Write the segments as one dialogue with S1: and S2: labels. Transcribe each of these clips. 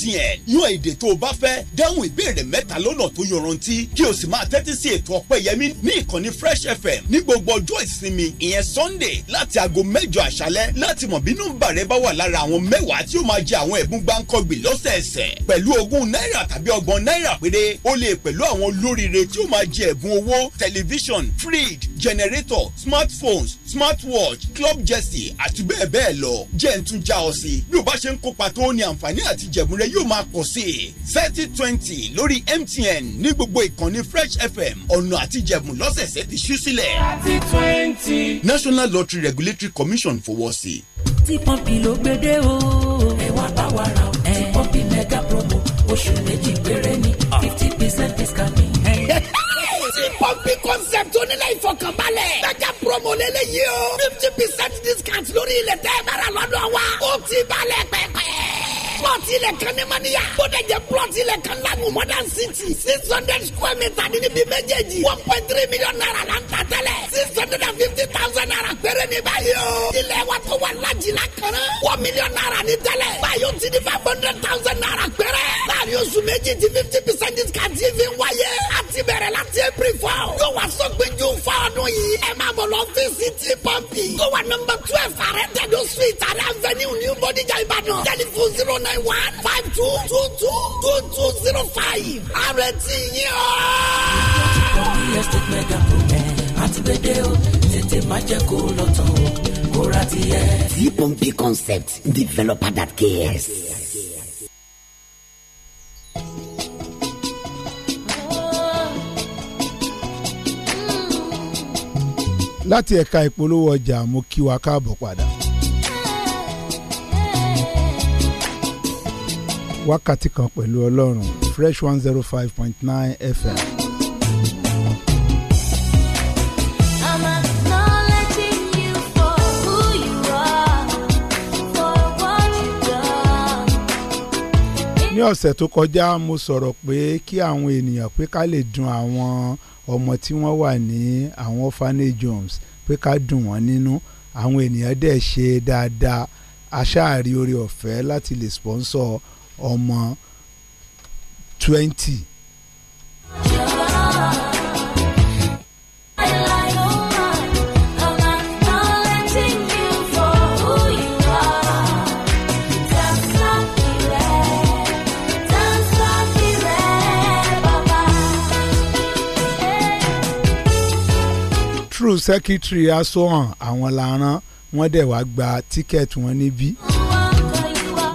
S1: mtn yan èdè tó o bá fẹ́ dáhùn ìbéèrè mẹ́ta lọ́nà tó yọrantí kí o sì máa tẹ́tí sí ètò ọpẹ́yẹmí ní ìkànnì fresh fm ní gbogbo ọjọ́ ìsinmi ìyẹn sunday láti aago mẹ́jọ àṣálẹ́ láti mọ̀ bí nọ́mbà rẹ bá wà lára àwọn mẹ́wàá tí ó máa jẹ àwọn ẹ̀bùn gbáǹkọ́gbì lọ́sẹ̀ẹsẹ̀ pẹ̀lú ogún náírà tàbí ọgbọ̀n náírà péré ó lè pẹ̀lú àwọn olóríire tí ó máa jẹ ẹ̀bùn owó tẹlifíṣàn fridge generator
S2: smartphones smartwatch club jersey àti bẹ́ẹ̀ bẹ́ẹ̀ lọ jẹ́ ń tún já ọ sí bí o bá ṣe ń kópa tó ní àǹfààní àti jẹ̀bùn rẹ lẹ́yìn yóò máa kọ̀ sí thirty twenty lórí
S1: MTN ní gbogbo ìkànnì Fresh FM ọ̀nà àti jẹ̀bùn lọ́sẹ̀ẹ̀sẹ̀ ti ṣú sílẹ̀. thirty twenty.
S2: National Lottery Regulatory Commission fọwọ́ sí.
S1: tí pọ́ǹpì ló gbédè
S3: o. ẹ wá bá wa ra o tí pọ́ǹpì mega promo oṣù méjì péré ni ah. fifty percent discount pọ́ǹpì concept onílé ìfọkànbalẹ̀. Mẹ́jà promo lélẹ́yìí o. fifty percent discount lórí ilẹ̀ tẹ́ ẹ bára lọ́dọ̀ wa. ó ti balẹ̀ pẹ́pẹ́ plọ̀tì ilẹ̀ kan ní Mọ́níyà. Bódèjẹ plọ̀tì ilẹ̀ kan lánàá Modern City. Six hundred square meter ní níbi méjèèjì. One point three million naira la ń ta tẹ́lẹ̀. Six hundred and fifty thousand naira péré ní báyìí o. Ilẹ̀ wa tó wà lájìlá kan. One million naira ní tẹ́lẹ̀. Báyìí o ti di five hundred thousand naira péré. Láàrin oṣù méjì ti fifty percent discount yìí fi wáyé. A ti bẹ̀rẹ̀ láti April four. Yóò wá sọ pé ju fún ọdún yìí. Ẹ máa bọ̀ lọ fi city pump. Yóò wà nọmba twelve àrẹ tẹ̀dọ̀ suite àrẹ avenue New body Bodijà Ìbàdàn. Tẹlifon zero nine one five two two two two two zero five. àrètí yín o àti o tètè má concept developer that cares.
S1: láti ẹ̀ka ìpolówó ọjà mo kí wa káàbọ̀ padà. wákàtí kan pẹ̀lú ọlọ́run fresh one zero oh five point nine fm. ní ọ̀sẹ̀ tó kọjá mo sọ̀rọ̀ pé kí àwọn ènìyàn pé ká lè dùn àwọn ọmọ tí wọ́n wà ní àwọn orphanage homes pé ká dùn wọ́n nínú àwọn ènìyàn dẹ̀ ṣe dáadáa aṣáàrí oore ọ̀fẹ́ láti lè sponsor ọmọ twenty. true secretary aso asohan àwọn la rán wọ́n dẹ̀ wá gba tíkẹ́ẹ̀tì wọn níbí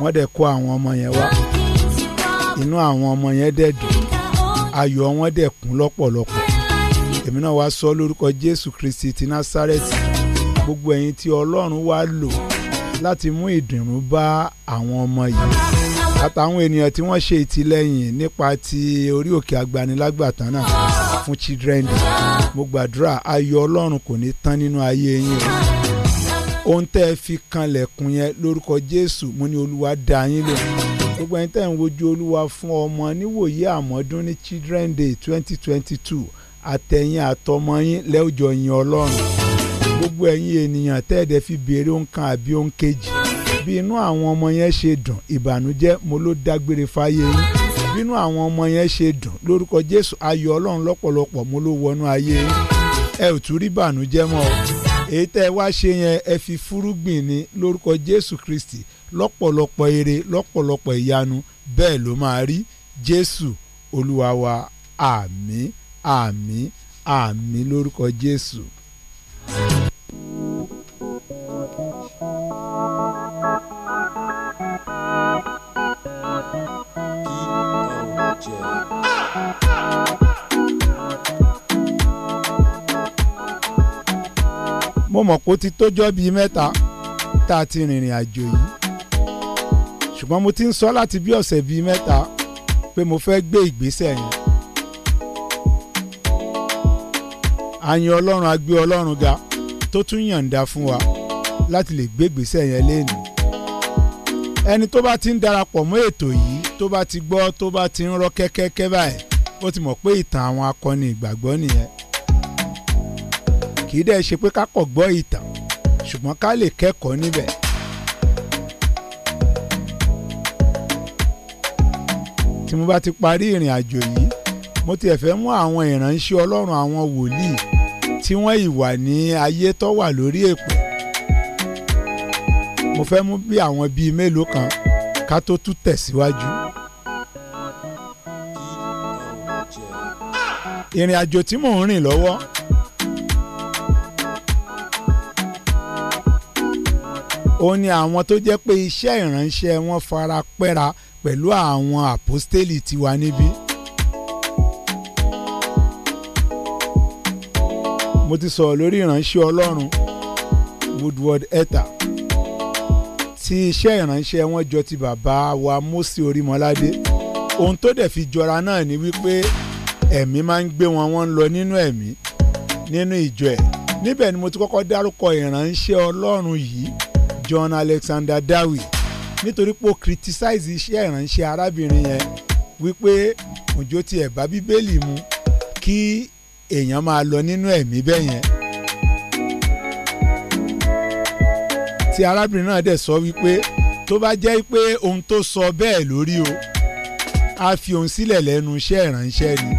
S1: wọ́n dẹ̀ kó àwọn ọmọ yẹn wá inú àwọn ọmọ yẹn dẹ̀ dùn ayọ̀ wọn dẹ̀ kún lọ́pọ̀lọpọ̀ èmi náà wá sọ lórúkọ Jésù Kristi ti Násárẹ́tì gbogbo ẹ̀yin tí Ọlọ́run wá lò láti mú ìdùnnú bá àwọn ọmọ yìí àtàwọn ènìyàn tí wọ́n ṣe ìtìlẹ́yìn nípa ti orí òkè agbanilágbàtàn náà fún children day mo gbàdúrà ayọ̀ Ọlọ́run kò ní tán nínú ayé yín o ohun tẹ́ ẹ fi kanlẹ̀kùn yẹn lórúkọ jésù mo ní olúwa dá yín lò gbogbo ẹni tẹ́ ń wojú olúwa fún ọmọ níwòye àmọ́dún ní children day twenty twenty two àtẹ̀yìn àtọmọ yín lẹ́ọ̀jọ̀ yìn ọlọ́run gbogbo ẹ̀yin ènìyàn tẹ́ ẹ̀dẹ̀ fi béèrè nǹkan àbí ohun kejì bí inú àwọn ọmọ yẹn ṣe dùn ìbànújẹ́ mo ló dágbére fáyé yín bí inú àwọn ọmọ yẹn ṣe dùn lórúkọ jésù ayọ̀ ọlọ́run lọ́pọ̀lọpọ̀ mo ló wọnú ayé yín ẹ ò tún rí ìbànújẹ́ mọ́ o èyí tẹ́ ẹ wá ṣe yẹn ẹ fi fúrúgbìn ni lórúkọ jésù kristi lọ́pọ̀lọpọ̀ ire lọ́pọ̀lọpọ̀ ìyanu bẹ́ẹ̀ ló máa rí jésù olúwa wa àmín àmín àmín lórúkọ jésù. Yeah. mo mọ̀ pé ó ti tójọ́ bíi mẹ́ta tá a ti rìnrìn àjò yìí ṣùgbọ́n mo ti ń sọ láti bí ọ̀sẹ̀ bíi mẹ́ta pé mo fẹ́ gbé ìgbésẹ̀ yẹn. àyìn ọlọ́run agbé ọlọ́run ga tó tún yàǹda fún wa láti lè gbé ìgbésẹ̀ yẹn léèní. ẹni tó bá ti ń darapọ̀ mọ́ ètò yìí tó bá ti gbọ́ tó bá ti ń rọ́ kẹ́kẹ́kẹ́ báyìí ó ti mọ̀ pé ìtàn àwọn akọni ìgbàgbọ́ nìyẹn kì í dẹ́ ṣe pé ká kọ̀ gbọ́ ìtàn ṣùgbọ́n ká lè kẹ́kọ̀ọ́ níbẹ̀. tí mo bá ti parí ìrìn àjò yìí mo tiẹ̀ fẹ́ mú àwọn ìránṣẹ́ ọlọ́run àwọn wòlíì tí wọ́n ìwà ní ayé tó wà lórí èpè mo fẹ́ mú bí àwọn bíi mélòó kan ká tó tún tẹ̀síwájú. ìrìn àjò tí mò ń rìn lọ́wọ́ òun ni àwọn tó jẹ́ pé iṣẹ́ ìránṣẹ́ wọn fara pẹ́ra pẹ̀lú àwọn àpọ́stélì tiwa níbí. mo ti sọ̀rọ̀ lórí ìránṣẹ́ ọlọ́run Woodward Etta tí iṣẹ́ ìránṣẹ́ wọn jọ ti bàbá wa Mósè Orímọládé ohun tó dẹ̀ fi jọra náà ni wípé ẹ̀mí máa ń gbé wọn wọ́n ń lọ nínú ẹ̀mí nínú ìjọ ẹ̀ níbẹ̀ ni mo ti kọ́kọ́ dárúkọ ìránṣẹ́ ọlọ́run yìí John Alexander Dawie nítorí pé ó criticize iṣẹ́ ìránṣẹ́ arábìnrin yẹn wípé òjò ti ẹ̀ bá bíbélì mu kí èèyàn máa lọ nínú ẹ̀mí bẹ́ẹ̀ yẹn. tí arábìnrin náà dẹ̀ sọ wípé tó bá jẹ́ pé ohun tó sọ bẹ́ẹ̀ lórí o a fi òun sílẹ̀ lẹ́nu iṣẹ́ ìránṣẹ́ ni.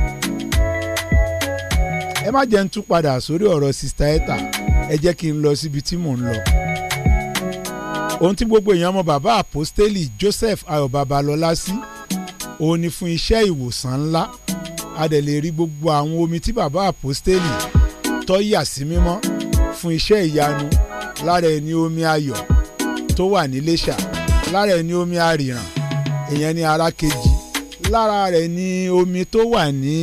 S1: ẹ má jẹ́ ń tún padà sórí ọ̀rọ̀ sista Etta ẹ jẹ́ kí n lọ síbi tí mò ń lọ ohun tí gbogbo èèyàn mọ bàbá àpọ́stélì Joseph Ayọ̀ Babalọ́lá sí òun ni fún iṣẹ́ ìwòsàn ńlá a dẹ̀ lè rí gbogbo àwọn omi tí bàbá àpọ́stélì tọ́ yà sí mímọ́ fún iṣẹ́ ìyanu lára ẹni omi ayọ̀ tó wà ní Iléṣà lára ẹni omi àrìràn ìyẹn ní ara kejì lára rẹ̀ ni omi tó wà ní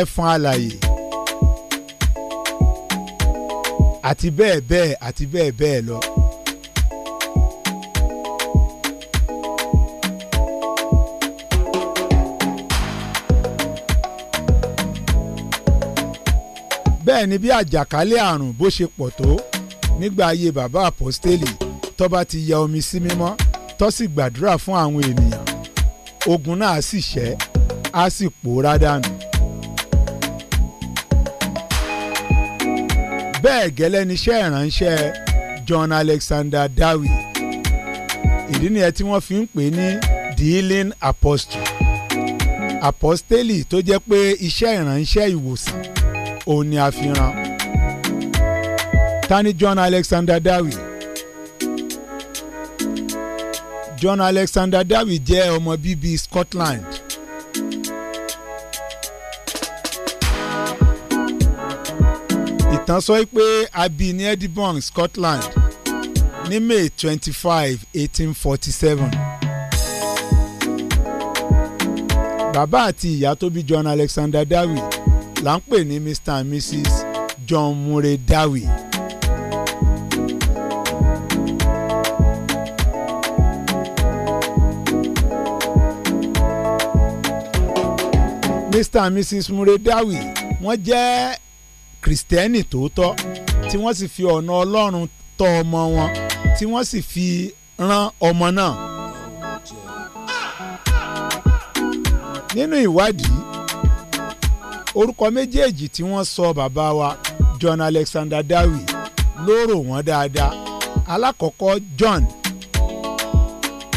S1: ẹ̀fọn alàyè. àti bẹ́ẹ̀ bẹ́ẹ̀ àti bẹ́ẹ̀ bẹ́ẹ̀ lọ. bẹ́ẹ̀ ni bí àjàkálẹ̀ àrùn bó ṣe pọ̀ tó nígbà ayé bàbá àpọ́stélì tó ti ya omi sí mímọ́ tó sì gbàdúrà fún àwọn ènìyàn ogun náà sì ṣẹ́ á sì pòórá dànù. bẹ́ẹ̀ gẹ́lẹ́ níṣẹ́ ìránṣẹ́ John Alexander Dowie ìdí nìyẹn tí wọ́n fi ń pè ní the healing apostle apostoli tó jẹ́ pé iṣẹ́ ìránṣẹ́ ìwòsàn òun ni a fi rán ta John Alexander Dowie John Alexander Dowie jẹ́ ọmọ bíbí Scotland tán sọ pé a bí ní Edinburgh, Scotland ní May twenty five eighteen forty seven bàbá àti ìyá tó bí John Alexander Dawe, là ń pè ní Mr and Mrs John Murray Dawe. Mr and Mrs Murray Dawe, wọ́n jẹ́ kìrìsìtẹ́nì tòótọ́ tí wọ́n sì fi ọ̀nà ọlọ́run tọ́ ọmọ wọn tí wọ́n sì fi rán ọmọ náà. nínú ìwádìí orúkọ méjèèjì tí wọ́n sọ bàbá wa John Alexander Dawie ló rò wọ́n dáadáa alákọ̀ọ́kọ́ John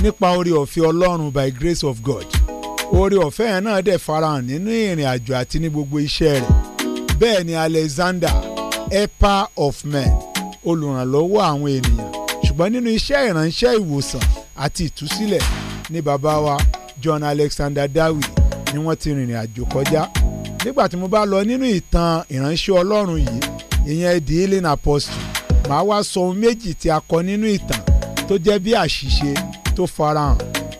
S1: nípa oore ọ̀fẹ́ ọlọ́run by grace of God oore ọ̀fẹ́ yẹn náà dẹ̀ farahàn nínú ìrìn àjò àti ní gbogbo iṣẹ́ rẹ̀ bẹ́ẹ̀ ni Alexander helper of men olùrànlọ́wọ́ àwọn ènìyàn ṣùgbọ́n nínú iṣẹ́ ìránṣẹ́ ìwòsàn àti ìtúsílẹ̀ ni bàbá wa John Alexander Dowie ni wọ́n ti rìnrìn àjò kọjá nígbà tí mo bá lọ nínú ìtàn ìránṣẹ́ Ọlọ́run yìí ìyẹn the healing apostle màá wá sọ ohun méjì tí a kọ nínú ìtàn tó jẹ́ bí àṣìṣe tó farahàn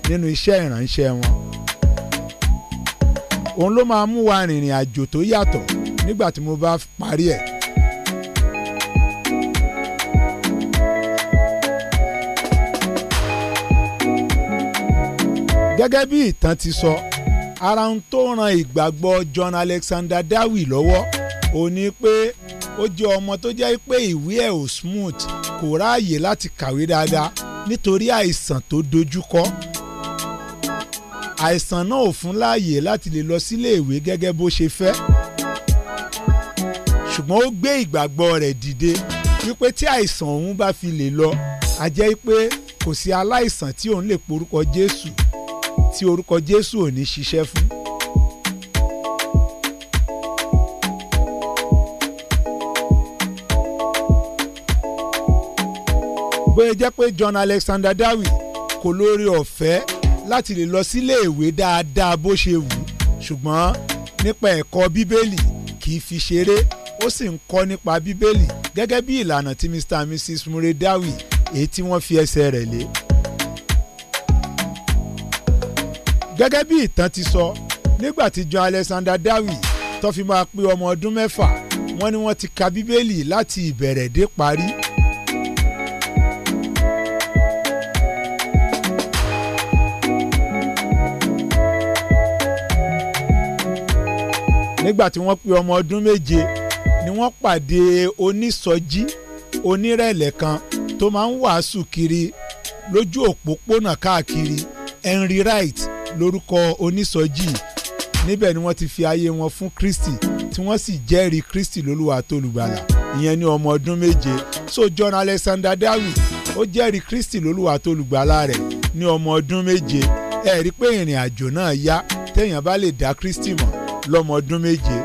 S1: nínú iṣẹ́ ìránṣẹ́ wọn òun ló máa mú wa rìnrìn àjò tó yàtọ̀ nígbà tí mo bá parí ẹ̀. gẹ́gẹ́ bí ìtàn ti sọ ara ohun tó ran ìgbàgbọ́ John Alexander Dowie lọ́wọ́ ó ní pé ó jẹ́ ọmọ tó jẹ́ pé ìwé ẹ̀ ò smooth kò ráàyè láti kàwé dáadáa nítorí àìsàn tó dojúkọ àìsàn náà ò fún láàyè láti lè lọ sílé ìwé gẹ́gẹ́ bó ṣe fẹ́ ṣùgbọ́n ó gbé ìgbàgbọ́ rẹ̀ dìde wípé tí àìsàn òun bá fi lè lọ a jẹ́ pé kò sí aláìsàn tí òun lè porúkọ Jésù tí orúkọ Jésù ò ní ṣiṣẹ́ fún. bóyá jẹ́ pé John Alexander Dawie kò lórí ọ̀fẹ́ láti lè lọ sílé ìwé dáadáa bó ṣe wù ṣùgbọ́n nípa ẹ̀kọ́ Bíbélì kì í fi ṣeré ó sì ń kọ́ nípa bíbélì gẹ́gẹ́ bí ìlànà tí Mr and Mrs Muredawi èyí tí wọ́n fi ẹsẹ̀ rẹ̀ lé. gẹ́gẹ́ bí ìtàn ti sọ nígbà tí John Alexander Dawi tó fi máa pé ọmọ ọdún mẹ́fà wọ́n ní wọ́n ti ka bíbélì láti ìbẹ̀rẹ̀ dé parí. nígbà tí wọ́n pé ọmọ ọdún méje ni wọ́n pàdé onísọjí onírẹ̀lẹ̀ kan tó máa ń wàásù kiri lójú òpópónà káàkiri Henry Wright lórúkọ onísọjí níbẹ̀ ni wọ́n ti fi ayé wọn fún Kristi tí wọ́n sì jẹ́rìí Kristi lólúwa tólùgbàlà ìyẹn ní ọmọ ọdún méje so John Alexander Darwin ó jẹ́rìí Kristi lólúwa tólùgbàlà rẹ̀ ní ọmọ ọdún méje ẹ rí i pé ìrìn àjò náà yá téèyàn bá lè dá Kristi mọ̀ lọ́mọ ọdún méje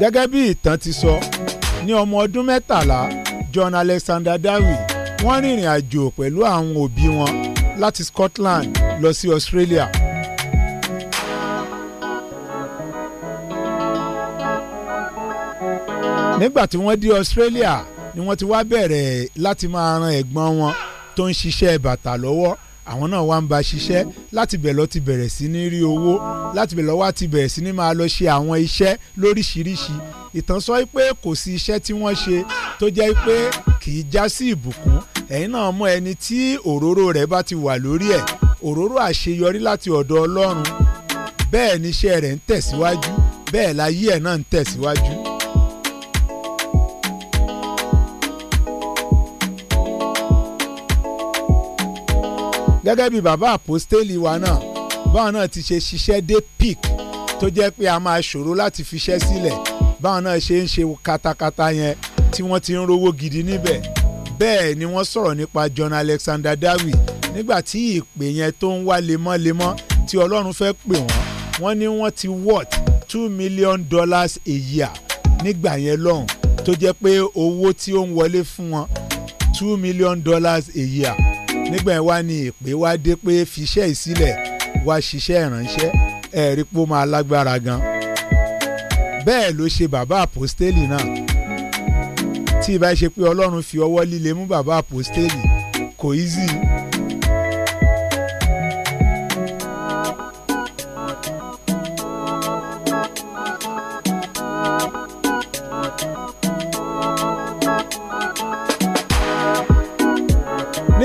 S1: gẹ́gẹ́ bí ìtàn ti sọ ní ọmọ ọdún mẹ́tàlá John Alexander Darwin wọ́n rìnrìn àjò pẹ̀lú àwọn òbí wọn láti Scotland lọ sí Australia nígbà tí wọ́n dé Australia ni wọ́n ti wá bẹ̀rẹ̀ láti máa ran ẹ̀gbọ́n wọn tó ń ṣiṣẹ́ bàtà lọ́wọ́ àwọn náà wá ń ba ṣiṣẹ́ láti bẹ̀ lọ ti bẹ̀rẹ̀ sí ní rí owó láti bẹ̀ lọ wá ti bẹ̀rẹ̀ sí ní máa lọ ṣe àwọn iṣẹ́ lóríṣiríṣi ìtàn sọ pé kò sí iṣẹ́ tí wọ́n ṣe tó jẹ́ pé kì í já sí ìbùkún ẹ̀yin náà mọ ẹni tí òróró rẹ̀ bá ti wà lórí ẹ̀ òróró àṣeyọrí láti ọ̀dọ̀ Ọlọ́run bẹ́ẹ̀ ni iṣẹ́ rẹ̀ ń tẹ̀síwájú bẹ́ẹ̀ láyé ẹ̀ náà ń tẹ̀síwájú gẹ́gẹ́ bí bàbá àpòstélì wa náà báwọn náà ti ṣe ṣiṣẹ́ dé pic tó jẹ́ pé a máa ṣòro láti fiṣẹ́ sílẹ̀ báwọn náà ṣe ń ṣe katakata yẹn tí wọ́n ti ń rówó gidi níbẹ̀ bẹ́ẹ̀ ni wọ́n sọ̀rọ̀ nípa John Alexander Dawie nígbà tí ìpè yẹn tó ń wá lemọ́lemọ́ tí Ọlọ́run fẹ́ pè wọ́n wọ́n ní wọ́n ti worth two million dollars a year nígbà yẹn lọ́hùn tó jẹ́ pé owó tí ó ń wọlé fún wọn two million dollars a year nígbà yẹn wá ní ìpè wá dé pé fiṣẹ́ ìsílẹ̀ wá ṣiṣẹ́ ìránṣẹ́ ẹ̀rí pó máa lágbára gan bẹ́ẹ̀ ló ṣe bàbá àpòstélì náà tí ìbá ṣe pé ọlọ́run fi ọwọ́ líle mú bàbá àpòstélì kò í zì í.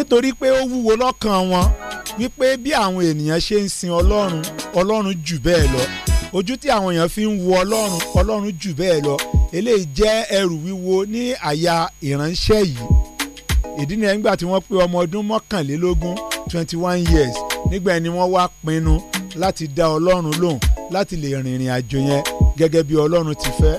S1: nítorí pé ó wúwo lọ́kàn wọn wípé bí àwọn ènìyàn ṣe ń sin ọlọ́run ọlọ́run jù bẹ́ẹ̀ lọ ojú tí àwọn èèyàn fi ń wo ọlọ́run ọlọ́run jù bẹ́ẹ̀ lọ eléyìí jẹ́ ẹrù wíwo ní àyà ìránṣẹ́ yìí ìdí nìyẹn nígbà tí wọ́n pé ọmọ ọdún mọ́kànlélógún twenty one years nígbà yẹn wọ́n wá pinnu láti dá ọlọ́run lóhùn láti lè rìnrìn àjò yẹn gẹ́gẹ́ bí ọlọ́run ti fẹ́.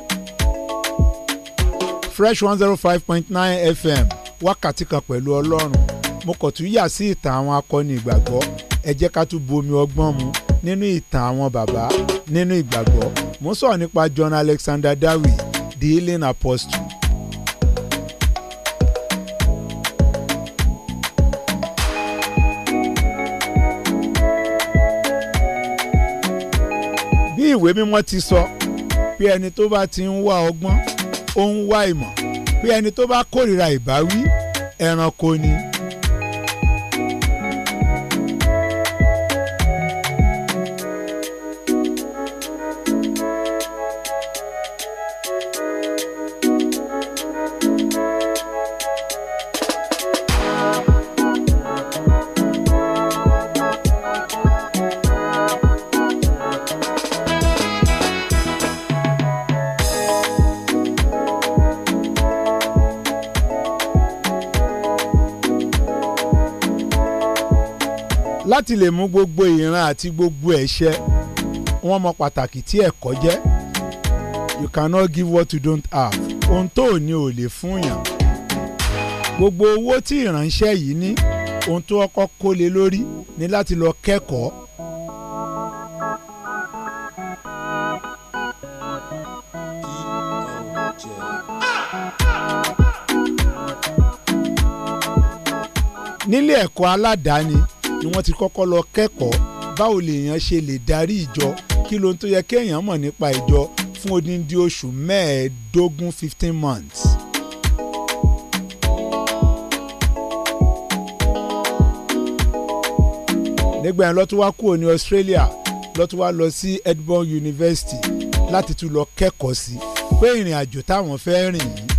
S1: fresh one zero five point nine fm wákàtí kan pẹ̀lú ọlọ́run mo kàn tún yà sí ìtàn àwọn akọni ìgbàgbọ́ ẹ jẹ́ ká tún bomi ọgbọ́n mu nínú ìtàn àwọn bàbá nínú ìgbàgbọ́ mo sọ̀rọ̀ nípa John Alexander Darwin the healing apostle ìwé mímọ́ ti sọ pé ẹni tó bá ti ń wá ọgbọ́n ó ń wá ìmọ̀ pé ẹni tó bá kórìíra ìbáwí ẹranko ni. láti lè mú gbogbo ìran àti gbogbo ẹ̀ṣẹ̀ wọ́n mọ pàtàkì tí ẹ̀kọ́ jẹ́ you cannot give what you don't have ohun tó ò ní ò lè fún yàn gbogbo owó tí ìránṣẹ́ yìí ní ohun tó ọkọ́ kó lé lórí ni láti lọ kẹ́kọ̀ọ́ nílé ẹ̀kọ́ aládàáni tí wọ́n ti kọ́kọ́ lọ kẹ́kọ̀ọ́ báwo lèèyàn ṣe lè darí ìjọ kí ló ń tó yẹ kéèyàn mọ̀ nípa ìjọ fún odindi oṣù mẹ́ẹ̀ẹ́dógún fifteen months. nígbà yẹn lọ́tún wá kúrò ní Australia lọ́tún wá lọ sí Edinburgh University láti tún lọ kẹ́kọ̀ọ́ sí pé ìrìn àjò táwọn fẹ́ rìn yìí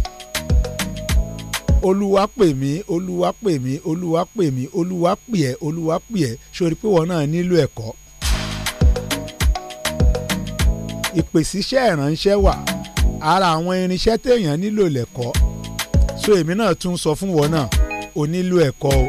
S1: olúwa pè mí olúwa pè mí olúwa pè mí olúwa pè ẹ́ olúwa pè ẹ́ sórí pé wọn náà nílò ẹ̀kọ́. ìpèsíṣẹ́ ìránṣẹ́ wà ara àwọn irinṣẹ́ téèyàn nílò lẹ̀kọ́ so èmi náà tún sọ fún wọn náà o nílò ẹ̀kọ́ o.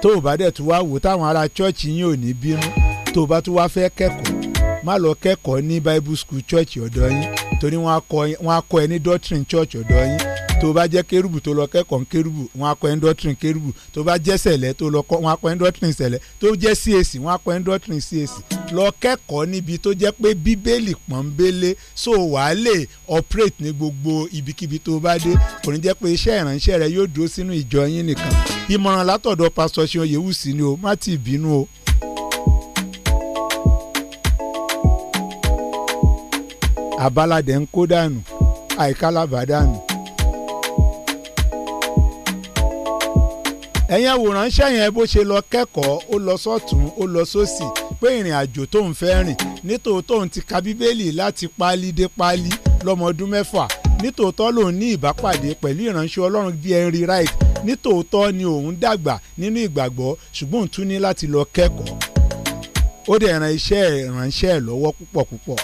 S1: tó o bá dẹ̀ tún wá wò táwọn ará chọ́ọ̀chì yín ò ní bínú tó o bá tún wá fẹ́ kẹ́kọ̀ọ́ má lọ kẹ́kọ̀ọ́ ní bible school church ọ̀dọ̀ yín torí wọ́n á kọ́ ẹ ní doctrine church ọ̀dọ̀ yín tó bá jẹ́ kérúbù tó lọ kẹ́kọ̀ọ́ ń kérúbù wọ́n á kọ́ ẹ ní doctrine kérúbù tó bá jẹ́ sẹ̀lẹ̀ tó lọ kọ́ wọ́n á kọ́ ẹ ní doctrine sẹ̀lẹ̀ tó jẹ́ CAC wọ́n á kọ́ ẹ ní doctrine CAC lọ kẹ́kọ̀ọ́ níbi tó jẹ́ pé bíbélì pọ́nbélé so wàá lè operate ní gbogbo ibikíbi tó bá dé kò ní jẹ́ pé iṣẹ́ ìrànṣẹ́ rẹ yóò dúró sínú ìjọ yín nìkan ìmọ̀ràn látọ̀dọ̀ pásítọ̀ ṣe oyèwùsì ni o má ti bínú o àbáládẹ̀ ń kó dànù àìkálábà dànù. ẹ̀yin àwòrán ṣẹ̀yìn bó ṣe lọ kẹ́kọ̀ọ́ ó lọ sọ́tún ó lọ sósì pé ìrìn àjò tó ń fẹ́ rìn nítòótọ́ òun ti ka bíbélì láti páálí dé páálí lọ́mọdún mẹ́fà nítòótọ́ lòun ní ìbápàdé pẹ̀lú ìránṣẹ́ ọlọ́run bíi Henry Wright nítòótọ́ ni òun dàgbà nínú ìgbàgbọ́ ṣùgbọ́n òun tún ní láti lọ kẹ́kọ̀ọ́ ó dẹ̀ ran iṣẹ́ ìránṣẹ́ lọ́wọ́ púpọ̀ púpọ̀.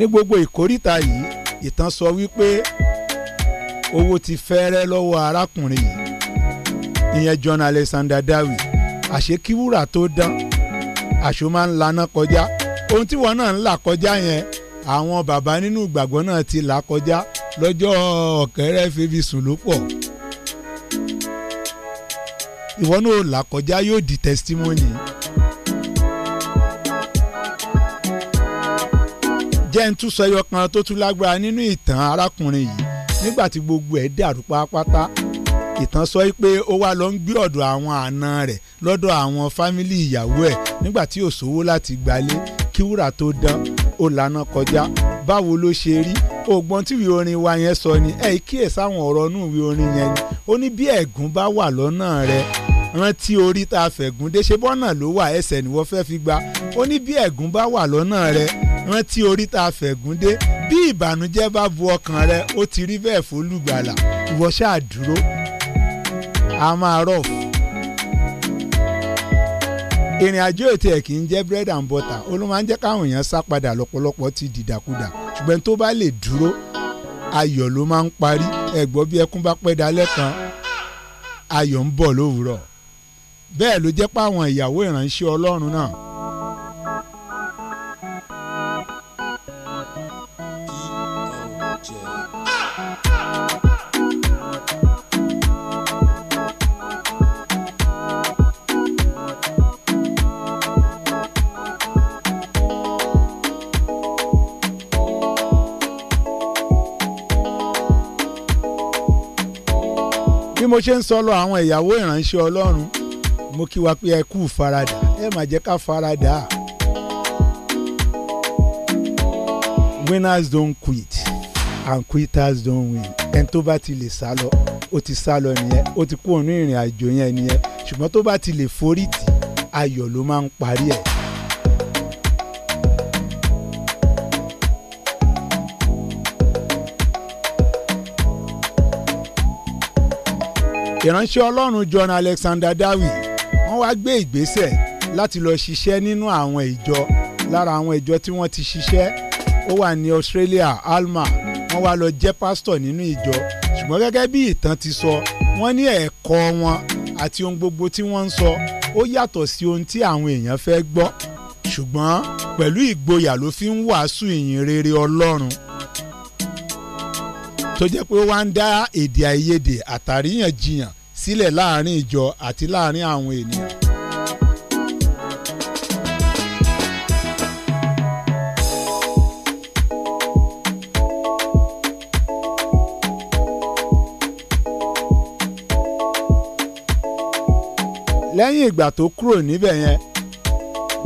S1: ní gbogbo ìkóríta yìí ìtàn sọ wípé owó ti fẹ́rẹ́ lọ́wọ́ arákùnrin yìí ìyẹn John Alexander Dawie àṣé kí wúrà tó dán àṣó máa ń laná kọjá ohun tí wọn náà ń là kọjá yẹn àwọn bàbá nínú ìgbàgbọ́ náà ti là kọjá lọ́jọ́ ọ̀kẹ́rẹ́ febi sùn ló pọ̀ ìwọ náà là kọjá yóò di testimony. jẹ́ ń tún sọ ẹyọ kan tó tún lágbára nínú ìtàn arákùnrin yìí nígbà tí gbogbo ẹ̀ dàrú pátápátá ìtàn sọ pé ó wá lọ ń gbé ọ̀dọ̀ àwọn àna rẹ̀ lọ́dọ̀ àwọn fámìlì ìyàwó ẹ̀ nígbà tí ò sówó láti gbalé kí wúrà tó dán ó lànà kọjá báwo ló ṣe rí ògbọ́n tíwì orin wa yẹn sọ ni ẹ̀ kíyè sáwọn ọ̀rọ̀ inú ìwé orin yẹn ni ó ní bí ẹ̀gún bá wà lọ́nà rẹ̀ rántí orí tá a fẹ̀gún dé ṣe bọ́nà ló wà ẹsẹ̀ ni wọ́n fẹ́ fi gba ó ní bí ẹ̀gún bá wà lọ́nà rẹ̀ rántí orí tá a fẹ̀gún dé bí ìbànújẹ́ bá bu ọkàn rẹ ó ti rí bẹ́ẹ̀ fólùgbàlà ìwọ ṣáà dúró a máa rọ̀ fún ìrìn àjò ètò ẹ̀ kì í jẹ́ bread and butter ó ló máa ń jẹ́ káwọn èèyàn sá padà lọ́pọ̀lọpọ̀ ti dìdàkudà ṣùgbọ́n tó bá lè dúró ayọ̀ ló máa ń parí ẹ̀gbọ́n bí ẹkún bá pẹ́ dalẹ́ kan ayọ̀ ń bọ̀ lówùúrọ̀ bẹ́ẹ̀ ló jẹ́ pé àwọn ìyàwó ìránṣẹ́ Ọlọ́run náà ṣe ń sọ àwọn ìyàwó ìránṣẹ́ Ọlọ́run mo kí wa pé ẹ kú faradà ẹ má jẹ́ ká faradà. winners don't quit and quitters don't win ẹni tó bá ti lè sá lọ ó ti sá lọ nìyẹn ó ti kú òun ìrìn àjò yẹn nìyẹn ṣùgbọ́n tó bá ti lè forí tì ayọ̀ ló máa ń parí ẹ̀. ìránṣẹ́ ọlọ́run John Alexander Darwin wọ́n wá gbé ìgbésẹ̀ láti lọ ṣiṣẹ́ nínú àwọn ìjọ lára àwọn ìjọ tí wọ́n ti ṣiṣẹ́ ó wà ní Australia Alma wọ́n wá lọ jẹ́ pásítọ̀ nínú ìjọ ṣùgbọ́n gẹ́gẹ́ bí ìtàn ti sọ wọ́n ní ẹ̀kọ́ wọn àti ohun gbogbo tí wọ́n ń sọ ó yàtọ̀ sí ohun tí àwọn èèyàn fẹ́ gbọ́ ṣùgbọ́n pẹ̀lú ìgboyà ló fi ń wàásù ìyìn rere Ọlọ́run tó jẹ́ pé ó wá ń dá èdè àìyedè àtàríyànjiyàn sílẹ̀ láàrin ìjọ àti láàrin àwọn ènìyàn. lẹ́yìn ìgbà tó kúrò níbẹ̀ yẹn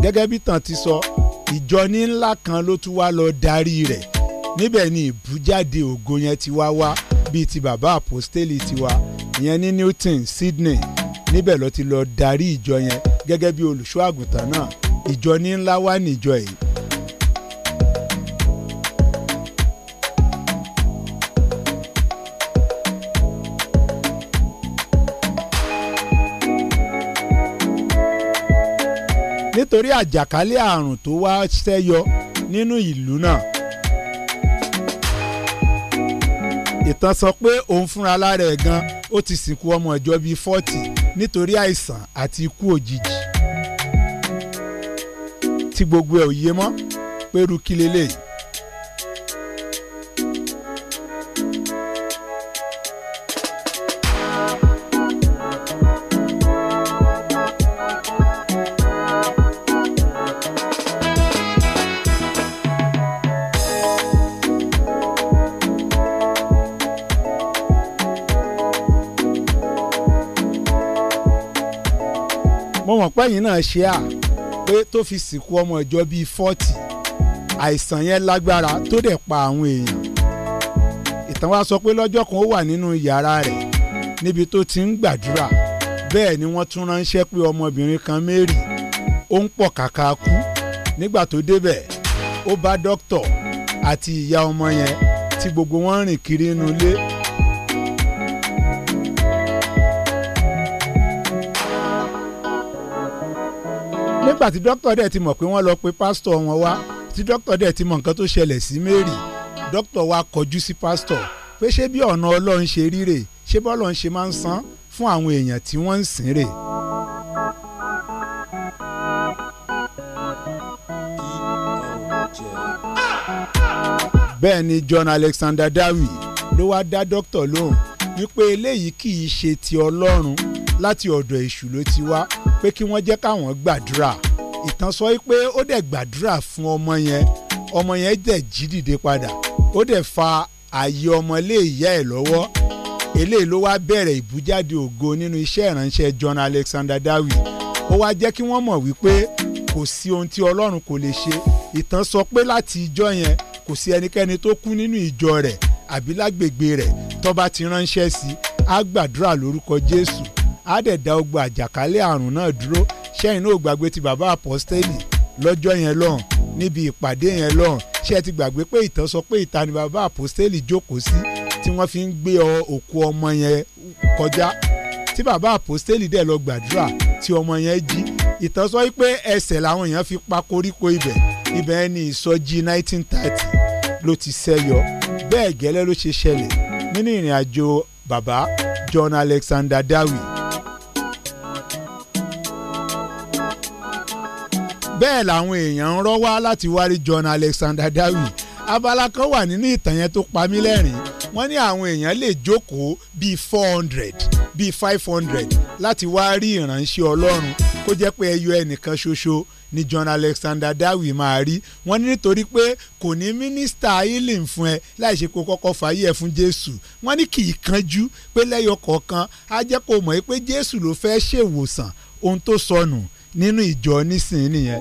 S1: gẹ́gẹ́ bí tàn ti sọ ìjọ ní ńlá kan ló tún wá lọ darí rẹ̀ níbẹ̀ ni ìbújáde ògo yẹn ti wá wá bíi ti bàbá àpọ́stélì tiwa ìyẹn ní Newton Sydney níbẹ̀ ló ti lọ darí ìjọ yẹn gẹ́gẹ́ bí olùṣọ́ àgùntàn náà ìjọ ní ńlá wá níjọ yìí. nítorí àjàkálẹ̀ àrùn tó wá ṣẹ́yọ nínú ìlú náà ìtàn sọ pé òun fúnra lára ẹ̀ gan ó ti sìnkú ọmọ ìjọ bíi fọ́ọ̀tì nítorí àìsàn àti ikú òjijì tí gbogbo ẹ̀ ò yé mọ́ pé rú kí leléyìí pẹ́yìn náà ṣe à pé tó fi sìnkú ọmọ ìjọ bíi fọ́ọ̀tì àìsàn yẹn lágbára tó dẹ̀ pa àwọn èèyàn ìtàn wa sọ pé lọ́jọ́ kan ó wà nínú yàrá rẹ̀ níbi tó ti ń gbàdúrà bẹ́ẹ̀ ni wọ́n tún ránṣẹ́ pé ọmọbìnrin kan Mary ó ń pọ̀ kàkà kú nígbà tó débẹ̀ ó bá dókítọ̀ àti ìyá ọmọ yẹn tí gbogbo wọn rìn kiri inú ilé nígbà tí dókítà dẹ̀ ti mọ̀ pé wọ́n lọ pe pásítọ̀ wọn wá tí dókítà dẹ̀ ti mọ̀ nǹkan tó ṣẹlẹ̀ sí Mary dókítà wa kọjú sí pásítọ̀ pé ṣé bí ọ̀nà Ọlọ́run ṣe ríre ṣé bọ́lọ́run ṣe máa ń san fún àwọn èèyàn tí wọ́n ń sìn rè. bẹ́ẹ̀ ni John Alexander Dawie ló wá dá dókítà lóhùn wípé eléyìí kì í ṣe ti Ọlọ́run láti ọ̀dọ̀ èṣù ló ti wá pé kí wọ́n jẹ́ káwọn gbàdúrà ìtàn sọ pé ó dẹ̀ gbàdúrà fún ọmọ yẹn ọmọ yẹn dẹ̀ jí dìde padà ó dẹ̀ fa ààyè ọmọ ilé ìyá ẹ̀ lọ́wọ́ eléyìí ló wá bẹ̀rẹ̀ ìbújáde ògo nínú iṣẹ́ ìránṣẹ́ John Alexander Darwin ó wá jẹ́ kí wọ́n mọ̀ wípé kò sí ohun tí Ọlọ́run kò lè ṣe ìtàn sọ pé láti ìjọ yẹn kò sí ẹnikẹ́ni tó kú nínú ìjọ rẹ̀ àbí lágbègbè rẹ̀ tó ti ránṣẹ́ sí i á gbàdúrà lórúkọ Jésù á dẹ̀ dá ogbó àjàkálẹ̀ àrùn náà dúró ṣẹ́yìn náà gbàgbé ti bàbá àpọ́stẹ́lì lọ́jọ́ yẹn lọ́hùn níbi ìpàdé yẹn lọ́hùn ṣé ẹ ti gbàgbé pé ìtàn sọ pé ìta ni bàbá àpọ́stẹ́lì jókòó sí tí wọ́n fi ń gbé òkú ọmọ yẹn kọjá tí bàbá àpọ́stẹ́lì dẹ̀ lọ gbàdúrà tí ọmọ yẹn jí ìtàn sọ pé ẹsẹ̀ làwọn èèyàn fi pa koríko ibẹ̀ ibẹ̀ ni ìsọjí 1930 ló ti ṣẹ́yọ bẹ́ẹ̀ gẹ́lẹ́ ló ṣe ṣẹlẹ̀ nínú ìrìn àjò bàbá John Alexander Dawie bẹ́ẹ̀ làwọn èèyàn ń rọ́ wá láti wárí John Alexander Darwin abala kan wà nínú ìtàn yẹn tó pa mí lẹ́rìn wọ́n ní àwọn èèyàn lè jókòó bíi four hundred bíi five hundred láti wá rí ìránṣẹ́ Ọlọ́run kó jẹ́ pé ẹyọ ẹnìkan ṣoṣo ni John Alexander Darwin máa rí wọ́n ní nítorí pé kò ní mínísítà healing fún ẹ láì ṣe kó kọ́kọ́ fàyè ẹ fún Jésù wọ́n ní kì í kanjú pé lẹ́yọ kọ̀ọ̀kan á jẹ́ kó mọ̀ pé Jésù ló fẹ́ ṣèwòsàn ohun tó sọnù nínú ìjọ nísìnyí nìyẹn.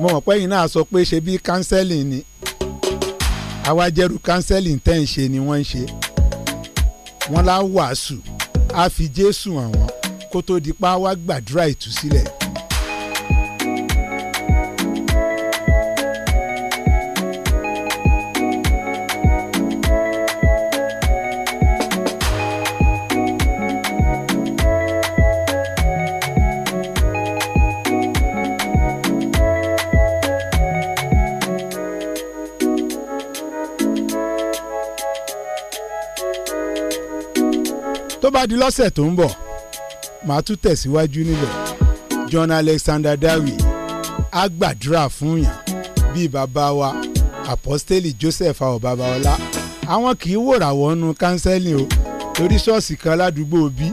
S1: mo mọ̀ pé yìí náà sọ pé ṣe bí kánsẹ́lì ni àwa jẹ́rù kánsẹ́lì tẹ́ ń ṣe ni wọ́n ń ṣe wọ́n lá wàásù á fi Jésù hàn wọ́n kó tó di pa wá gbàdúrà ìtúsílẹ̀. bá di lọ́sẹ̀ tó ń bọ̀ màá tún tẹ̀síwájú níbẹ̀ John Alexander Dawie á gbàdúrà fún yàn bíi bàbá wa apọ́stélì Joseph àwọn babaọlá àwọn kì í wòrà wọnú kánsẹ́lì o torí ṣọ́ọ̀ṣì kan ládùúgbò bí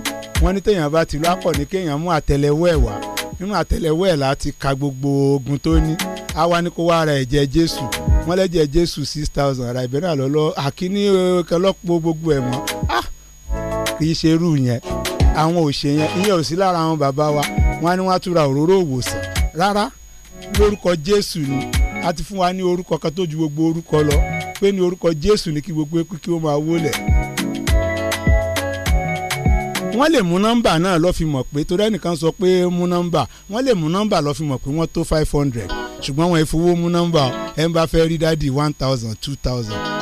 S1: wọ́n ní téèyàn bá ti lápọ̀ ní kéèyàn mú àtẹlẹwọ́ ẹ̀ wá nínú àtẹlẹwọ́ ẹ̀ láti ka gbogbo ogun tó ní àwa ní kó wá ra ẹ̀jẹ̀ Jésù wọ́n lẹ́jẹ̀ Jésù six thousand ra ìbẹ́rẹ́ àlọ́lọ́ àkíní kẹlọ́pọ̀ gbogbo ẹ̀ mọ́ ah kì í ṣe irú yẹn àwọn ò ṣe yẹn ìyẹn ò sí lára àwọn bàbá wa wọn á ní wọn á túra òróró òwòsàn rárá lórúkọ Jésù ni a ti fún wa ní orúkọ kan tó ju gbogbo orúkọ lọ pé ní orúkọ Jésù ni kí gbogbo eku kí ó máa wólẹ̀ wọ́n lè mú nọ́mbà náà lọ́ fi mọ̀ pé torí ẹnìkan sọ pé mú nọ́mbà wọ́n lè mú nọ́mbà lọ́ fi mọ̀ pé wọ́n tó five hundred ṣùgbọ́n wọn ìfowó mú nọ́mbà ẹ̀ ń bá fẹ́ rí dáàdi one thousand two thousand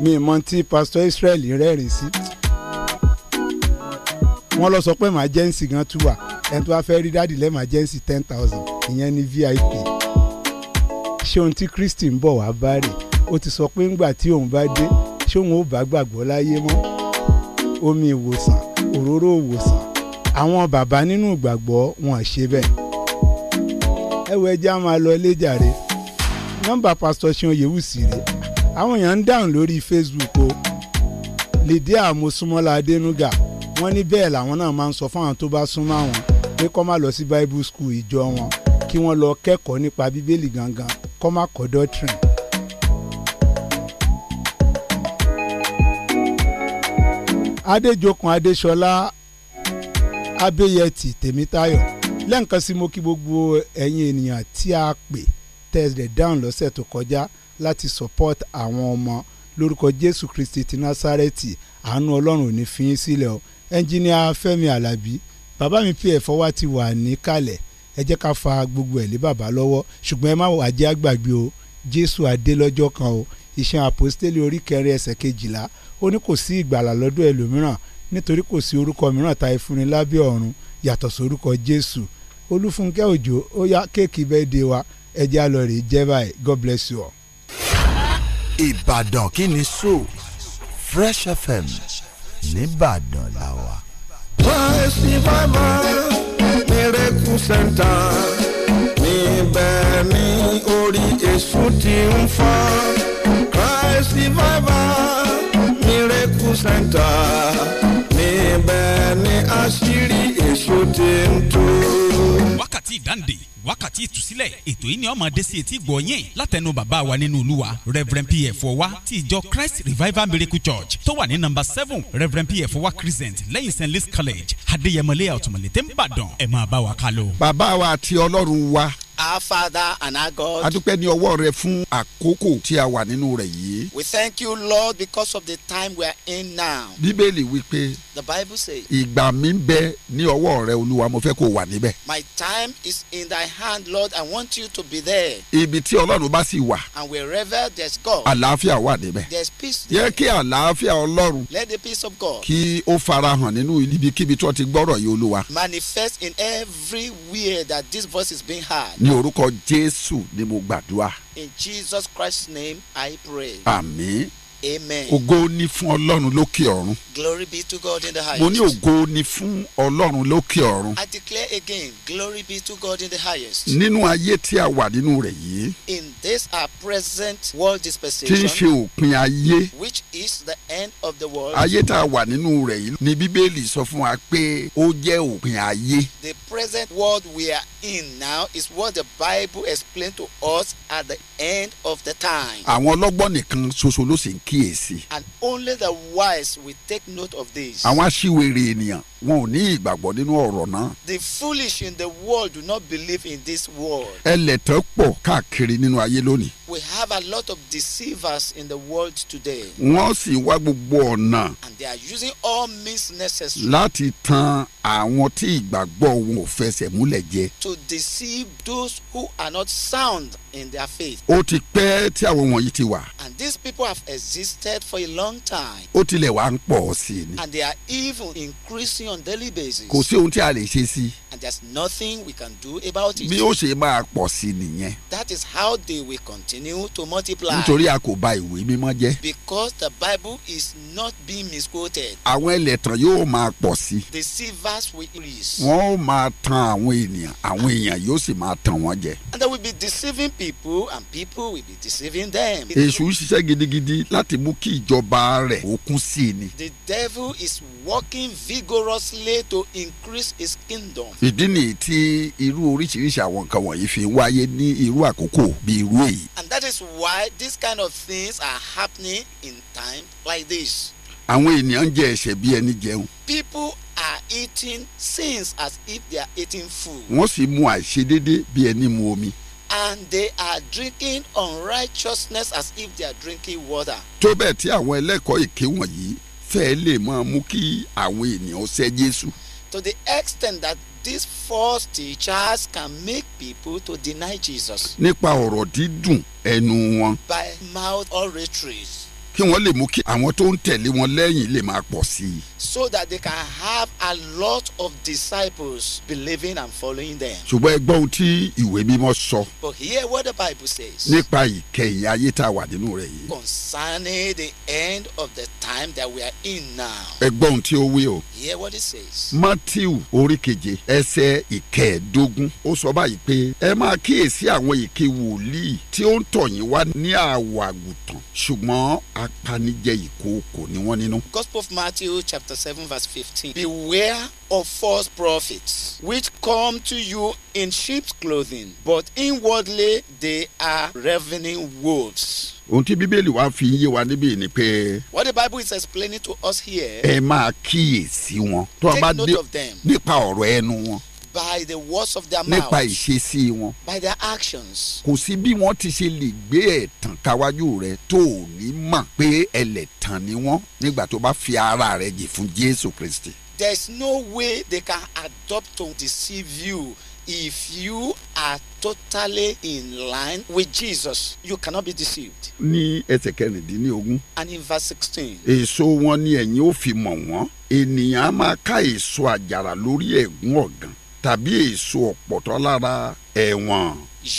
S1: mi mọ tí pásítọ̀ Israel rẹ́rìn sí wọ́n lọ sọ pé emergency gan tún wà ẹni tó bá fẹ́ rí dáàdì lẹ́màjẹ́nsì ten thousand ìyẹn ní VIP ṣé ohun tí Kristi ń bọ̀ wá bá rè ó ti sọ pé ńgbà tí òun bá dé ṣé òun ò bá gbàgbọ́ láyé mọ́ omi ìwòsàn òróró ìwòsàn àwọn bàbá nínú ìgbàgbọ́ wọn ṣe bẹ́ẹ̀ ẹ wọ ẹjẹ́ á máa lọ ilé jàre nọ́mbà pásítọ̀ Ṣeun Yewusi rèé àwọn èèyàn ń dáhùn lórí Facebook o Lydia Mosúnmọ́lá Adénúgà wọ́n ní bẹ́ẹ̀ làwọn náà máa ń sọ fún àwọn tó bá súnmọ́ àwọn pé kọ́ má lọ sí Bible school ìjọ wọn kí wọ́n lọ kẹ́kọ̀ọ́ nípa Bíbélì gangan kọ́ má kọ́ doctrine. Adéjokun Adéṣọlá Abẹ́yẹtì Tèmítáyọ̀ lẹ́ǹkan sí mo kí gbogbo ẹ̀yin ènìyàn tí a pè tẹ̀sílẹ̀ dáhùn lọ́sẹ̀ tó kọjá. Ja láti support àwọn ọmọ lórúkọ Jésù Kristi ti Násárẹ́tì àánú Ọlọ́run ò ní fi yín sílẹ̀ o ẹnjìníà Fẹ́mi Alábí bàbá mi pf wa ti wà níkàlẹ̀ ẹ jẹ́ ká fa gbogbo ẹ̀ lé bàbá lọ́wọ́ ṣùgbọ́n ẹ má wàá jẹ́ àgbàgbé o Jésù adé lọ́jọ́ kan o iṣẹ́ àpòstélì orí kẹrin ẹsẹ̀ kejìlá ó ní kò sí ìgbàlà lọ́dọ̀ ẹlòmíràn nítorí kò sí orúkọ mìíràn ta ìfúnni lábẹ́ ọ̀run yàtọ̀ sórúkọ Jésù Olúfúnkẹ́ Òjó ó yá kéèkì bẹ́ẹ̀ de wa ẹ jẹ́ àlọ́ rè jẹ́ báyìí God bless you all.
S2: Ìbàdàn kí ni so Fresh FM nìbàdàn la wa. wà. fàṣìfàmà miracle center
S3: níbẹ̀ ni orí èṣù ti ń fọ́ fàṣìfàmà miracle center níbẹ̀ ni àṣírí èṣù ti ń tú. wákàtí
S2: ìdáǹdè wákàtí ìtúsílẹ̀ ètò yìí ni ó máa dé sí etí látẹnu bàbá wa nínú olúwa reverend pf ọwa ti ìjọ christ revival miracle church tó wà ní number seven reverend pf ọwa crescent
S3: lẹ́yìn st louis college adéyẹmọlẹ́ àtùmọ̀lẹ́tẹ̀ ńbàdàn ẹ̀ máa bá wa ká lọ.
S2: bàbá wa àti ọlọ́run wa
S3: our father and our God.
S2: a dúpẹ́ ọwọ́ rẹ fún àkókò tí a wà nínú rẹ̀ yìí. we
S3: thank you lord because of the time we are in now.
S2: bíbélì wípé.
S3: the bible says.
S2: ìgbà mi ń bẹ ní ọwọ́ rẹ olúwa mo fẹ́ kó wà níbẹ̀.
S3: my time is in thy hand lord i want you to be there.
S2: ibi tí ọlọ́run bá sì wà.
S3: and wherever there is God. àlàáfíà wà níbẹ̀. there is peace there. yẹ kí àlàáfíà ọlọ́run. let the peace of God.
S2: kí ó farahàn nínú ibikíbi tí wọ́n ti gbọ́rọ̀ yìí olúwa.
S3: manifest in everywhere that this voice is being heard. ní
S2: orúkọ jésù ni mo gbàdúrà.
S3: in jesus christ's name i pray.
S2: àmín amen. ògo ni fún ọlọ́run lókè ọ̀run. glory be to God in the highest. mo ní ògo ni fún ọlọ́run lókè ọ̀run. I declare again
S3: glory be to God in the highest. nínú ayé
S2: tí a wà nínú rẹ̀ yìí.
S3: in this present world dispensation. tí ń ṣe
S2: òpin ayé.
S3: which is the end of the world. ayé tá a
S2: wà nínú rẹ̀ yìí ni bíbélì sọ fún wa pé ó jẹ́ òpin ayé. the
S3: present world we are in now is what the Bible explained to us at the end of the time.
S2: àwọn ọlọ́gbọ́n nìkan ṣoṣo ló sì ń kí kíyèsí. and
S3: only the wise will take note of this. àwọn
S2: aṣiwèrè ènìyàn wọn ò ní ìgbàgbọ́ nínú ọ̀rọ̀ náà.
S3: the foolish in the world do not believe in this world.
S2: ẹlẹ́tẹ̀ pọ̀ káàkiri nínú ayé lónìí.
S3: we have a lot of deceivers in the world today.
S2: wọ́n sì wá gbogbo ọ̀nà.
S3: and they are using all means necessary. láti
S2: tan àwọn tí ìgbàgbọ́ wọn ò fẹsẹ̀ múlẹ̀ jẹ.
S3: to deceive those who are not sound in their faith.
S2: ó ti pẹ́ tí àwọn wọ̀nyí ti wà.
S3: and these people have existed for a long time.
S2: ó tilẹ̀ wá ń pọ̀ sí i ni.
S3: and they are even increasing on daily basis. kò sí ohun tí a lè ṣe sí. and there's nothing we can do about it. bí ó ṣe
S2: máa pọ̀ sí nìyẹn.
S3: that is how they will continue to multiply. nítorí a kò
S2: bà ìwé mímọ́ jẹ́.
S3: because the bible is not being misquoted.
S2: àwọn ẹlẹ́tàn yóò máa pọ̀ sí. the
S3: deceivers will increase.
S2: wọ́n ó máa tan àwọn ènìyàn àwọn èèyàn yóò sì máa tan wọ́n jẹ.
S3: and they will be deceiving people and people will be deceiving them. èṣù
S2: ń ṣiṣẹ́ gidigidi láti mú kí ìjọba rẹ̀ ó sí i ni.
S3: the devil is working vigorously purposely to increase his kingdom.
S2: ìdí nìyí tí irú oríṣiríṣi àwọn nǹkan wọ̀nyí fi ń wáyé ní irú àkókò bíi irú èyí.
S3: and that is why these kind of things are happening in time like this.
S2: àwọn ènìyàn ń jẹ ẹ̀ṣẹ̀ bí ẹni jẹun.
S3: people are eating sins as if they are eating food.
S2: wọ́n sì mu àìṣedéédé bí ẹni mu omi.
S3: and they are drinking unrighteousness as if they are drinking water.
S2: tó bẹ́ẹ̀ tí àwọn ẹlẹ́kọ̀ọ́ èké wọ̀nyí fẹ́ẹ́ lè máa mú kí àwọn ènìyàn ṣẹ̀ Jésù.
S3: To the extent that these false teachers can make people to deny Jesus.
S2: nípa ọ̀rọ̀ dídùn ẹnu wọn.
S3: By mouth oratories
S2: kí wọ́n lè mú kí àwọn tó ń tẹ̀lé wọn lẹ́yìn lè máa pọ̀ sí i.
S3: so that they can have a lot of disciples believing and following them.
S2: ṣùgbọ́n ẹ ohun tí ìwé mímọ́ sọ.
S3: but hear what the bible says.
S2: nípa ìkẹyìn ayé tá a wà nínú rẹ̀ yìí.
S3: concerning the end of the time that we are in now.
S2: ẹ ohun tí ó wí o. hear what it says. matthew orí keje ìkẹẹ̀ẹ́dógún ó sọ báyìí pé ẹ máa kíyèsí àwọn èké tí ó ń tọ̀ wá ní àwọ̀ àgùntàn ṣùgbọ́n apanijẹ ìkookò ni wọ́n nínú.
S3: Gospel of Matthew chapter seven verse fifteen. Beware of false prophets which come to you in sheep's clothing but inwardly they are ravening wolves.
S2: ohun tí bíbélì wa fi yé wa níbí ni pé.
S3: what the bible is explaining to us here. ẹ
S2: máa kíyèsí wọn. tó o bá nípa ọ̀rọ̀ ẹnu wọn
S3: by the words of their mouth. nípa
S2: ìṣesí wọn.
S3: by their actions.
S2: kò sí bí wọ́n ti ṣe lè gbé ẹ̀tàn káwájú rẹ̀ tó o ní mọ̀ pé ẹlẹ́tàn ni wọ́n nígbà tó bá fi ara rẹ̀ jì fún Jésù Kristi.
S3: there is no way they can adopt to deceive you if you are totally in line with Jesus you cannot be deceived.
S2: ní ẹsẹ̀ kẹrìndínlógún.
S3: and in verse sixteen.
S2: èso wọn ni ẹ̀yin ó fi mọ̀ wọ́n ènìyàn á máa ká èso àjàrà lórí ẹ̀gún ọ̀gàn tàbí èso ọ̀pọ̀tọ́ lára ẹ̀wọ̀n.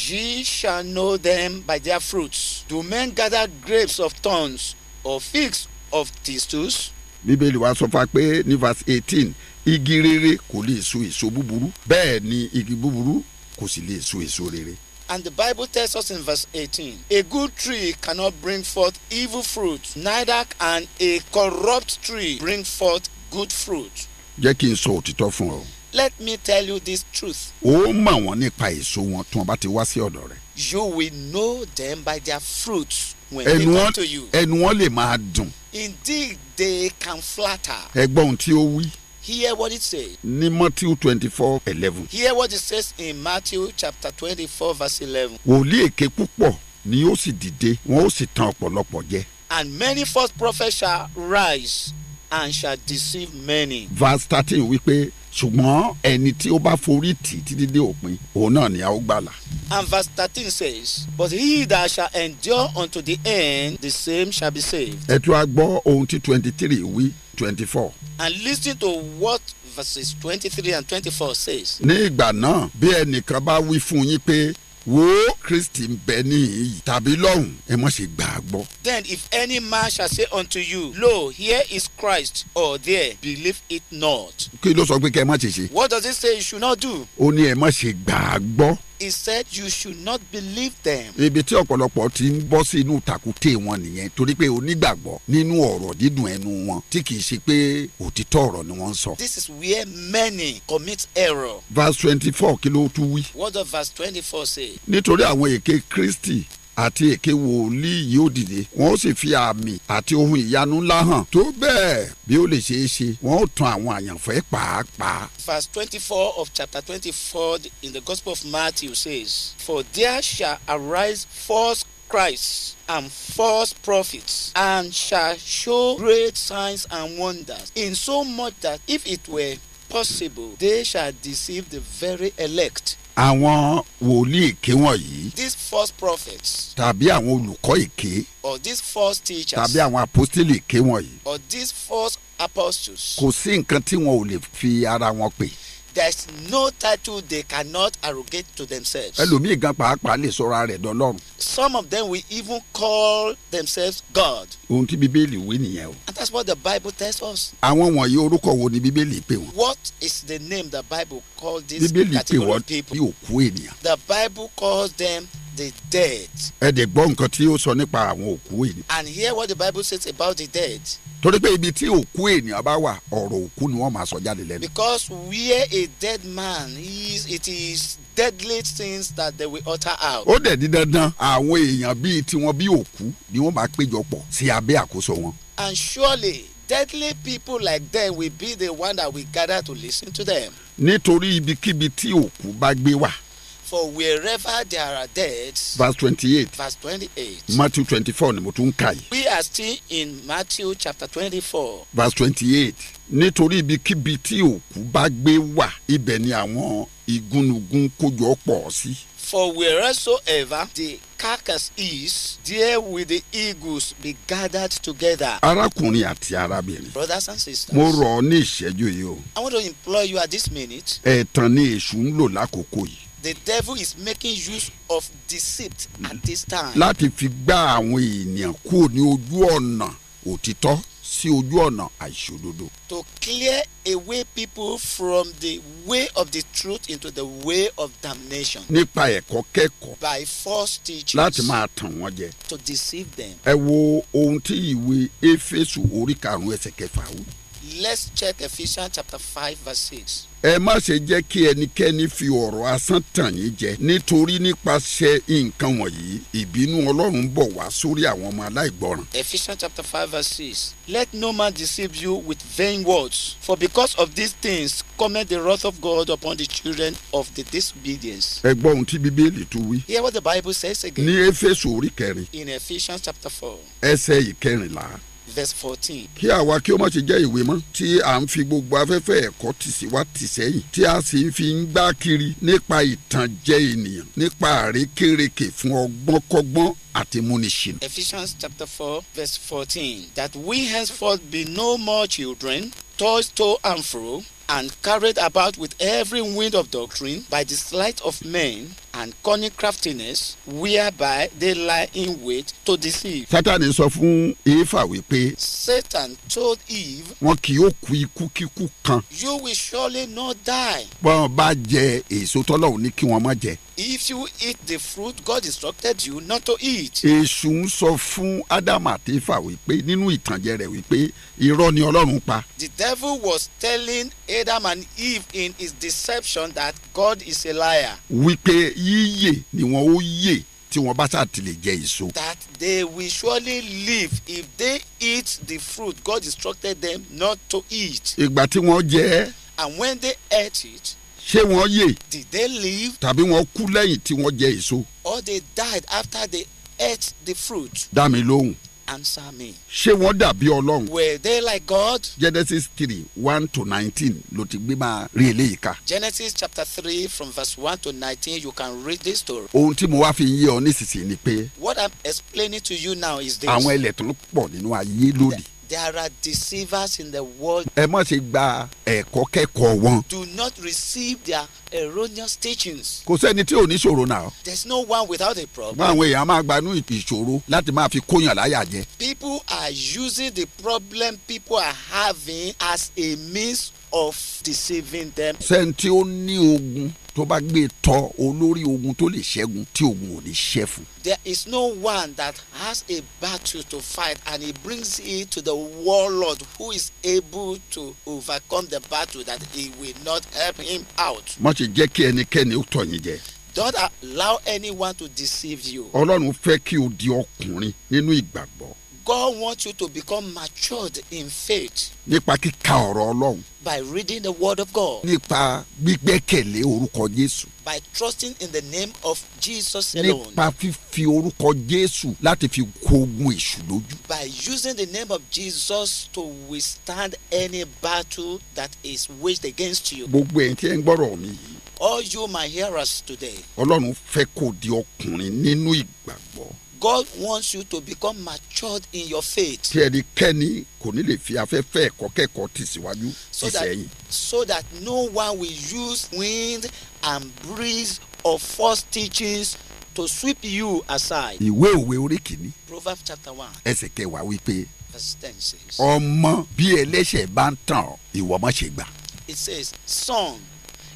S3: Ye shall know them by their fruits. Do men gather grapes of thorns or figs of thistles?
S2: Bíbélì wa sọ fún wa pé ní verse eighteen igi rere kò lè so èso búburú bẹ́ẹ̀ ni igi búburú kò sì lè so èso rere.
S3: And the Bible tells us in verse eighteen, a good tree cannot bring forth evil fruit, neither can a corrupt tree bring forth good fruit.
S2: Jẹ́ kí n sọ òtítọ́ fún ọ
S3: let me tell you this truth.
S2: ó mọ̀ wọ́n nípa èso wọn tí wọ́n bá ti wá sí ọ̀dọ̀ rẹ̀.
S3: you will know them by their fruits. when they come to you.
S2: ẹnu wọn lè máa dùn.
S3: indeed they can flatter.
S2: ẹ ohun tí ó wí.
S3: Hear what it says.
S2: Ní Matthew twenty-four eleven. Hear
S3: what it says in Matthew chapter twenty-four verse eleven.
S2: Wòlíì èké púpọ̀ ni ó sì dìde, wọn ó sì tan ọ̀pọ̀lọpọ̀ jẹ.
S3: And many false prophets shall rise and shall deceive many.
S2: Verse thirteen wípé ṣùgbọ́n ẹni tí ó bá forí tì títí dé òpin òun náà ni a ó gbàlà.
S3: and verse thirteen says but he that shall endure unto the end the same shall be saved.
S2: ẹ tún á gbọ́ ohun tí twenty three wí twenty four.
S3: and listen to what verses twenty three and twenty four says.
S2: ní ìgbà náà bí ẹnìkan bá wí fún yín pé wo kristi ń bẹ níhìn tàbí lọ́hùn ẹ mọ̀ ṣe gbà
S3: then if any man shall say unto you lo here is christ or there believe it not.
S2: kí ló sọ pé kẹ́ ẹ má ṣe ṣe.
S3: what does it say you should not do.
S2: ó ní ẹ mọ̀ ṣe gbà
S3: he said you should not believe them.
S2: ibi tí ọ̀pọ̀lọpọ̀ ti ń bọ́ sí inú tàkúté wọn nìyẹn torí pé onígbàgbọ́ nínú ọ̀rọ̀ dídùn ẹnu wọn tí kì í ṣe pé òtítọ́ ọ̀rọ̀ ni wọ́n ń sọ. this is
S3: where many commit error.
S2: verse twenty-four kí ló tún wí.
S3: what does verse twenty-four say.
S2: nítorí àwọn èké Kristi àti èké wòlíì yìí dìde wọn ó sì fi àmì àti ohun ìyanu ńlá hàn tó bẹ́ẹ̀ bí ó lè ṣeé ṣe wọn ó tan àwọn àyànfẹ́ pàápàá.
S3: verse twenty-four of chapter twenty-four in the gospel of Matthew says for there shall arise false Christ and false prophets and shall show great signs and wonders in so much that if it were possible they shall deceive the very elect
S2: àwọn wòlíì èké wọ̀nyí.
S3: these false prophets.
S2: tàbí àwọn olùkọ́ èké.
S3: or these false teachers. tàbí àwọn
S2: apostoli èké wọ̀nyí.
S3: or these false apostles.
S2: kò sí nǹkan tí wọn ò lè fi ara wọn pè
S3: there is no title they cannot arrogate to themselves. ẹlòmíì
S2: gan pàápàá lè sọra rẹ̀ dọ́lọ́run.
S3: some of them will even call themselves God.
S2: ohun tí bíbélì wí nìyẹn o. and
S3: that's what the bible tells us.
S2: àwọn wọ̀nyí orúkọ wo ni bíbélì pè wọ́n.
S3: what is the name the bible calls this
S2: bíbélì category of people. bíbélì pè wọ́n bí òkú ènìyàn.
S3: the bible calls them the dead.
S2: ẹ dẹ̀ gbọ́ nǹkan tí ó sọ nípa àwọn òkú ènìyàn.
S3: and hear what the bible says about the dead.
S2: torí pé ibi tí òkú ènìyàn bá wà ọ̀rọ̀ òkú ni wọ́n máa sọ jáde lẹ́nu.
S3: because where a a dead man he is it is deadly things that they will utter out. ó dẹ̀
S2: di dandan àwọn èèyàn bíi tiwọn bí òkú ni wọ́n máa péjọpọ̀ sí abẹ́ àkóso wọn.
S3: and surely deadly people like them will be the one that we gather to listen to them.
S2: nítorí ibikíbi tí òkú bá gbé wà
S3: for wherever there are deaths.
S2: verse twenty-eight.
S3: verse twenty-eight.
S2: matthew twenty-four ni mo tún kà yìí.
S3: we are still in matthew chapter twenty-four.
S2: verse twenty-eight nítorí ibikíbi tí òkú bá gbé wà ibẹ̀ ni àwọn igúnnugún kójọ pọ̀ sí.
S3: for wheresoever the carcass is there will the eagles be gathered together.
S2: arákùnrin àti arábìnrin.
S3: brothers and sisters. mo
S2: rọ̀ ọ́ ní ìṣẹ́jú yìí o.
S3: i want to implore you at this minute.
S2: ẹ̀tàn ni èṣù ń lò lákòókò yìí
S3: the devil is making use of deceit at this time. láti
S2: fi gbá àwọn ènìyàn kúrò ní ojú ọ̀nà òtítọ́ sí ojú ọ̀nà àìṣòdodo.
S3: to clear away people from the way of the truth into the way of damnation. nípa
S2: ẹ̀kọ́ kẹ́kọ̀ọ́.
S3: by false teachers. láti
S2: máa tàn wọ́n jẹ.
S3: to deceive them.
S2: ẹ wo ohun tí ìwé éfésù orí karùn-ún ẹsẹ̀ kẹfà wí
S3: let's check Ephesians chapter five verse six.
S2: ẹ má ṣe jẹ́ kí ẹnikẹ́ni fi ọ̀rọ̀ asán tàn yín jẹ nítorí nípasẹ̀ nǹkan wọ̀nyí ìbínú Ọlọ́run bọ̀ wá sórí àwọn ọmọ aláìgbọràn.
S3: Ephesians chapter five verse six let no man deceive you with vain words for because of these things cometh the wrath of God upon the children of the disobedience.
S2: ẹ gbọ́ ohun tí bíbélì tún wí.
S3: hear what the Bible says again. ní
S2: Éfésù orí kẹrin.
S3: in Ephesians chapter four.
S2: ẹsẹ̀ ìkẹrìnlá
S3: verse fourteen. kí
S2: àwa kí ó má ṣe jẹ́ ìwé mọ́ tí à ń fi gbogbo afẹ́fẹ́ ẹ̀kọ́ tì sí wa tí a sì fi ń gbá kiri nípa ìtànjẹ ènìyàn nípa àrékérekè fún ọgbọ́nkọ́gbọ́n àti
S3: Ephesians chapter four verse fourteen that we henceforth be no more children tossed to and fro and carried about with every wind of doctrine by the sleight of men and cunning craftiness whereby they lie in wait to deceive. sátani
S2: sọ fún éfà wípé.
S3: satan told eve.
S2: wọn kì yóò kú ikúkíkú kan.
S3: you will surely not die.
S2: bọ́n bá jẹ èso tọ́lọ́run ní kí wọ́n má jẹ.
S3: if you eat the fruit God instructed you not to eat.
S2: èṣù ń sọ fún ádámù àti éfà wípé nínú ìtànjẹ rẹ̀ wípé irọ́ ni ọlọ́run pa.
S3: the devil was telling Adam and Eve in his deception that God is a liar.
S2: wípé yíyè ni wọn ó yè tí wọn bá ṣáà ti lè jẹ èso. that
S3: they will surely live if they eat the fruit God instructed them not to eat. ìgbà tí wọ́n jẹ ẹ́. and when they ate it. ṣé wọ́n yè. did they live.
S2: tàbí wọ́n kú lẹ́yìn tí wọ́n jẹ èso.
S3: or they died after they ate the fruit.
S2: dá mi lóhùn answer me. ṣé wọ́n dàbí ọlọ́run. were they like God. Genesis three one to nineteen ló ti gbé máa rí eléyìí ká.
S3: Genesis chapter three from verse one to nineteen you can read this story.
S2: ohun tí mo wá fi yé ọ nísinsìnyí ni pé.
S3: what I'm explaining to you now is this. àwọn
S2: ẹlẹ́tọ̀ọ́ pọ̀ nínú ayé lónìí
S3: there are deceivers in the world.
S2: ẹ má ṣe gba ẹ̀kọ́ kẹ́kọ̀ọ́ wọn. do
S3: not receive their erroneous teachings.
S2: kò sẹ́ni tí ò ní ṣòro náà.
S3: there is no one without a problem. àwọn
S2: èèyàn máa gbanú ìṣòro láti máa fi kóyàn láyà jẹ.
S3: people are using the problem people are having as a means of deceiving them.
S2: sẹ́ni tí ó ní ogun tó bá gbé tọ olórí ogun tó lè ṣẹ́gun tí ogun ò ní ṣẹ́ fún.
S3: there is no one that has a battle to fight and he brings it to the warlord who is able to overcome the battle that he will not help him out.
S2: má ṣe jẹ́ kí ẹnikẹ́ni ó tọ̀ jẹ.
S3: don't allow anyone to deceive you.
S2: ọlọ́run fẹ́ kí o di ọkùnrin nínú ìgbàgbọ́.
S3: God wants you to become matured in faith.
S2: Nípa kíka ọ̀rọ̀ Ọlọ́run.
S3: By reading the word of God.
S2: Nípa gbígbẹ́kẹ̀lé orúkọ Jésù.
S3: By trusting in the name of Jesus alone.
S2: Nípa fífi orúkọ Jésù láti fi kógun èṣù lójú.
S3: By using the name of Jesus to withstand any battle that is waged against you. Gbogbo ẹ̀yin tí ẹ ń
S2: gbọ́rọ̀ mi yìí.
S3: All you my hearers today.
S2: Ọlọ́run fẹ́ kó di ọkùnrin nínú
S3: ìgbàgbọ́. God wants you to become matured in your faith.
S2: tí ẹnikẹ́ni kò ní lè fi afẹ́fẹ́ ẹ̀kọ́ kẹ́kọ̀ọ́ tì síwájú sí sẹ́yìn.
S3: so that no one will use wind and breeze or false teachings to sweep you aside. ìwé
S2: òwe orí kìíní.
S3: proverbs chapter one.
S2: ẹsẹ̀ kẹwàá wípé.
S3: verse ten says. ọmọ bí ẹlẹ́ṣẹ̀
S2: bá ń tàn ìwọ má ṣe gbà.
S3: it says son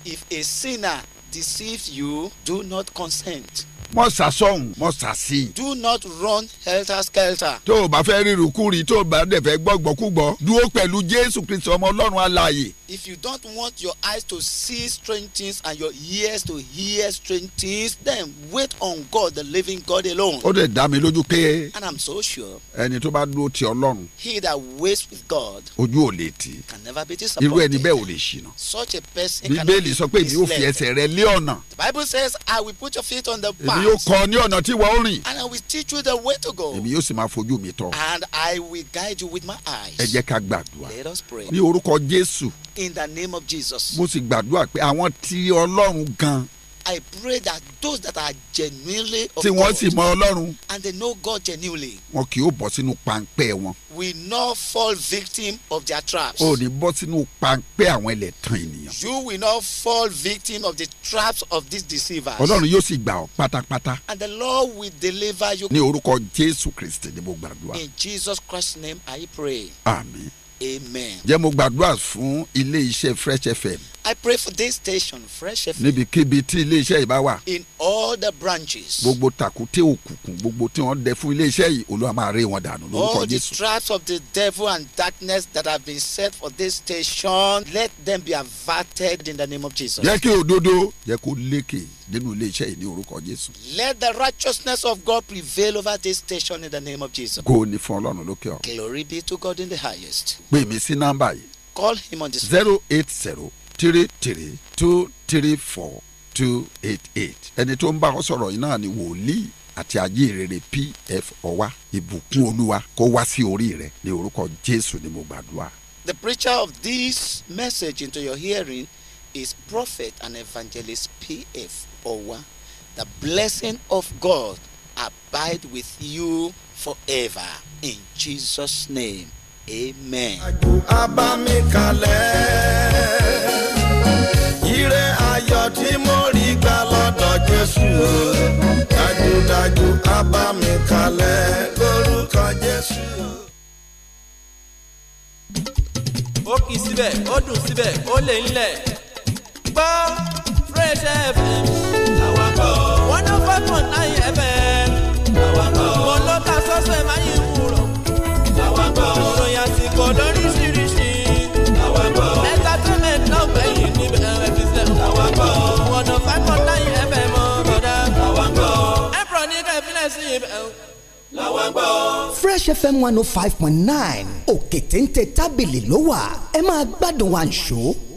S3: if a sinner deceives you do not consent
S2: mọ sàsọhùn mọ sàsì.
S3: do not run helter skelter. tó
S2: o bá fẹ́ ríru kúri tó o bá dẹ̀ fẹ́ gbọ́gbọ́kúgbọ́ dúró pẹ̀lú jésù kristu ọmọ ọlọ́run alààyè.
S3: if you don't want your eyes to see strange things and your ears to hear strange things then wait on God the living God alone. ó dẹ̀ dá mi lójú pé. and I'm so sure.
S2: ẹni tó bá dúró ti ọlọ́run.
S3: he that waits with God.
S2: ojú ò lè tì. can
S3: never be disappointed. irú ẹni
S2: bẹ́ẹ̀ ò lè ṣìnà.
S3: such a person cannot be misled. bíbélì sọ pé èmi ò fi
S2: ẹsẹ̀ rẹ lé ọ̀nà.
S3: the bible says I will put your feet on the path yóò kọ́ ní ọ̀nà tí wọ́n rìn. and I will teach you the way to go. èmi
S2: yóò sì máa fojú mi tọ́.
S3: and I will guide you with my eyes. ẹ jẹ́ ká gbàdúrà. let us pray. ní orúkọ Jésù. in the name of Jesus. mo
S2: sì gbàdúrà pé àwọn tí Ọlọ́run gan
S3: I pray that those that are genuinely of God. tí wọ́n sì mọ Ọlọ́run. and they know God genuinely.
S2: wọn kì yóò bọ́ sínú pańpẹ́ wọn.
S3: will not fall victim of their traps. o
S2: ní bọ́ sínú pańpẹ́ àwọn ẹlẹ́tàn ènìyàn.
S3: you will not fall victim of the traps of these deceivers. Ọlọ́run yóò
S2: sì gbà ọ́ pátápátá.
S3: and the Lord will deliver you. ní
S2: orúkọ Jésù Kristi ni mo gbàdúrà. in
S3: Jesus Christ's name I pray. àmín. amen.
S2: jẹ́ mo gbàdúrà fún ilé iṣẹ́ Fresh FM.
S3: I pray for this station Fresh FM.
S2: níbikíbi tí iléeṣẹ́ yìí bá wà.
S3: in all the branches.
S2: gbogbo tàkúté òkùnkùn gbogbo tí wọ́n dẹ fún iléeṣẹ́ yìí Olúwa máa ré wọn dànù lórúkọ Jésù. all the
S3: traps of the devil and darkness that have been set for this station let them be averted in the name of Jesus. jẹ́ kí
S2: òdodo jẹ́ kó lékè nínú iléeṣẹ́ yìí ní orúkọ Jésù.
S3: let the righteousness of God prevail over this station in the name of Jesus. go
S2: ní fún Ọlọ́run lókè ọ̀run.
S3: glory be to God in the highest.
S2: pè mí sí nọ́mbà yìí. call him on this. zero eight zero three three two three four two eight eight ẹni tó ń bá ọ sọ̀rọ̀ yìí náà ni wòlíì àti ayé rere pf ọwa ìbùkún olúwa kó wá sí orí rẹ ní orúkọ jésù ni mo gbàdúrà.
S3: the preacher of this message into your hearing is prophet and evangelist pf ọwa the blessing of god abide with you forever in jesus name amen. àjò abamikalẹ̀ ire ayọ̀ tí mo rí gbà lọ́dọ̀ jésù
S2: dájúdájú abamikalẹ̀ lórúkọ jésù. ó kì í síbẹ̀ ó dùn síbẹ̀
S3: ó lè ń lẹ̀ gbọ́ fresh fm àwọn kan one oh five point nine fm àwọn kan mo ló ka sọ́sẹ̀ máa yin. làwọn gbọ́. fresh fm one oh five point nine òkè téńté tábìlì ló wà ẹ máa gbádùn wa